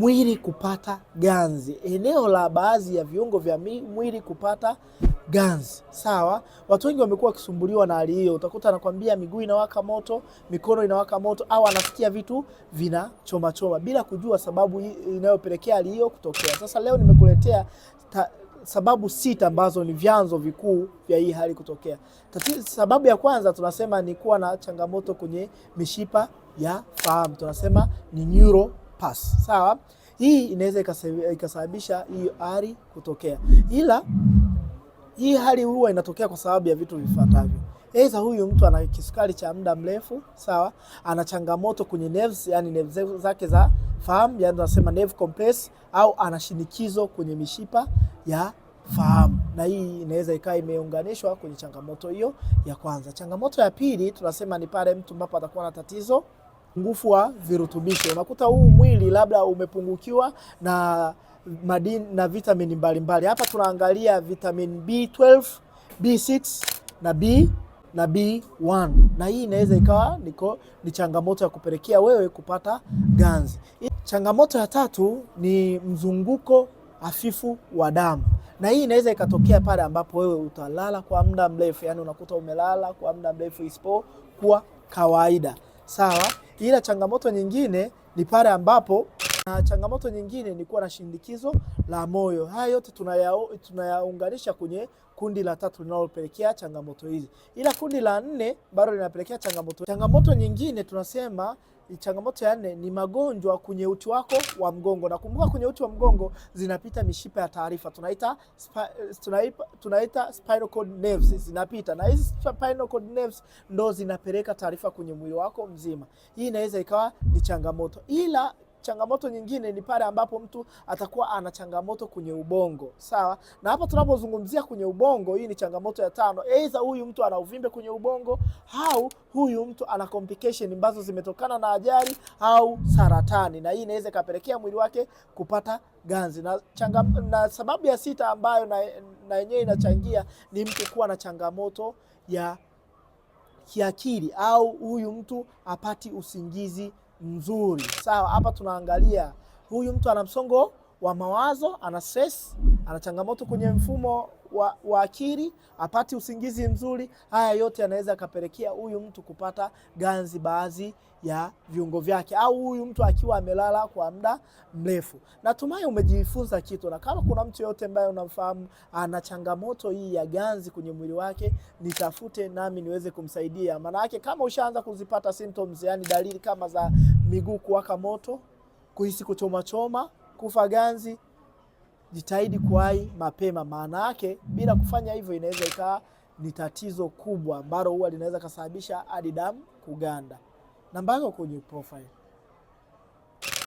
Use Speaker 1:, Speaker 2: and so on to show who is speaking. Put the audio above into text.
Speaker 1: mwili kupata ganzi, eneo la baadhi ya viungo vya mwili kupata ganzi. Sawa, watu wengi wamekuwa wakisumbuliwa na hali hiyo. Utakuta anakwambia miguu inawaka moto, mikono inawaka moto, au anasikia vitu vinachoma choma bila kujua sababu inayopelekea hali hiyo kutokea. Sasa leo nimekuletea ta, sababu sita ambazo ni vyanzo vikuu vya hii hali kutokea. sababu ya kwanza tunasema ni kuwa na changamoto kwenye mishipa ya fahamu, tunasema ni neuro pass sawa. Hii inaweza ikasababisha hiyo hali kutokea, ila hii hali huwa inatokea kwa sababu ya vitu vifuatavyo. Aidha, huyu mtu ana kisukari cha muda mrefu sawa, ana changamoto kwenye nerves, yani nerves zake za fahamu, yani tunasema nerve compress, au ana shinikizo kwenye mishipa ya fahamu, na hii inaweza ikawa imeunganishwa kwenye changamoto hiyo ya kwanza. Changamoto ya pili tunasema ni pale mtu ambapo atakuwa na tatizo upungufu wa virutubisho. Unakuta huu mwili labda umepungukiwa na madini na vitamini mbalimbali. Hapa tunaangalia vitamin B12, B6 na B na B1, na hii inaweza ikawa niko ni changamoto ya kupelekea wewe kupata ganzi. Changamoto ya tatu ni mzunguko hafifu wa damu, na hii inaweza ikatokea pale ambapo wewe utalala kwa muda mrefu, yani unakuta umelala kwa muda mrefu isipokuwa kawaida. Sawa. Ila changamoto nyingine ni pale ambapo na changamoto nyingine ni kuwa na shindikizo la moyo. Haya yote tunayaunganisha kwenye kundi la tatu linalopelekea changamoto hizi, ila kundi la nne bado linapelekea changamoto. Changamoto nyingine tunasema changamoto ya nne ni magonjwa kwenye uti wako wa mgongo. Nakumbuka kwenye uti wa mgongo zinapita mishipa ya taarifa tunaita, tunaita, tunaita spinal cord nerves zinapita, na hizi spinal cord nerves ndo zinapeleka taarifa kwenye mwili wako mzima. Hii inaweza ikawa ni changamoto ila Changamoto nyingine ni pale ambapo mtu atakuwa ana changamoto kwenye ubongo, sawa. Na hapa tunapozungumzia kwenye ubongo, hii ni changamoto ya tano. Aidha huyu mtu ana uvimbe kwenye ubongo au huyu mtu ana complication ambazo zimetokana na ajali au saratani, na hii inaweza ikapelekea mwili wake kupata ganzi. Na, changa, na sababu ya sita ambayo na yenyewe inachangia ni mtu kuwa na changamoto ya kiakili au huyu mtu apati usingizi mzuri. Sawa, hapa tunaangalia huyu mtu ana msongo wa mawazo, ana stress ana changamoto kwenye mfumo wa, wa akili, apati usingizi mzuri. Haya yote anaweza akapelekea huyu mtu kupata ganzi baadhi ya viungo vyake, au huyu mtu akiwa amelala kwa muda mrefu. Natumai umejifunza kitu, na kama kuna mtu yoyote ambaye unamfahamu ana changamoto hii ya ganzi kwenye mwili wake, nitafute nami niweze kumsaidia. Maanake kama ushaanza kuzipata symptoms, yani dalili kama za miguu kuwaka moto, kuhisi kuchoma choma, kufa ganzi jitahidi kuwahi mapema. Maana yake bila kufanya hivyo, inaweza ikawa ni tatizo kubwa ambalo huwa linaweza kasababisha hadi damu kuganda. Namba yako kwenye profile.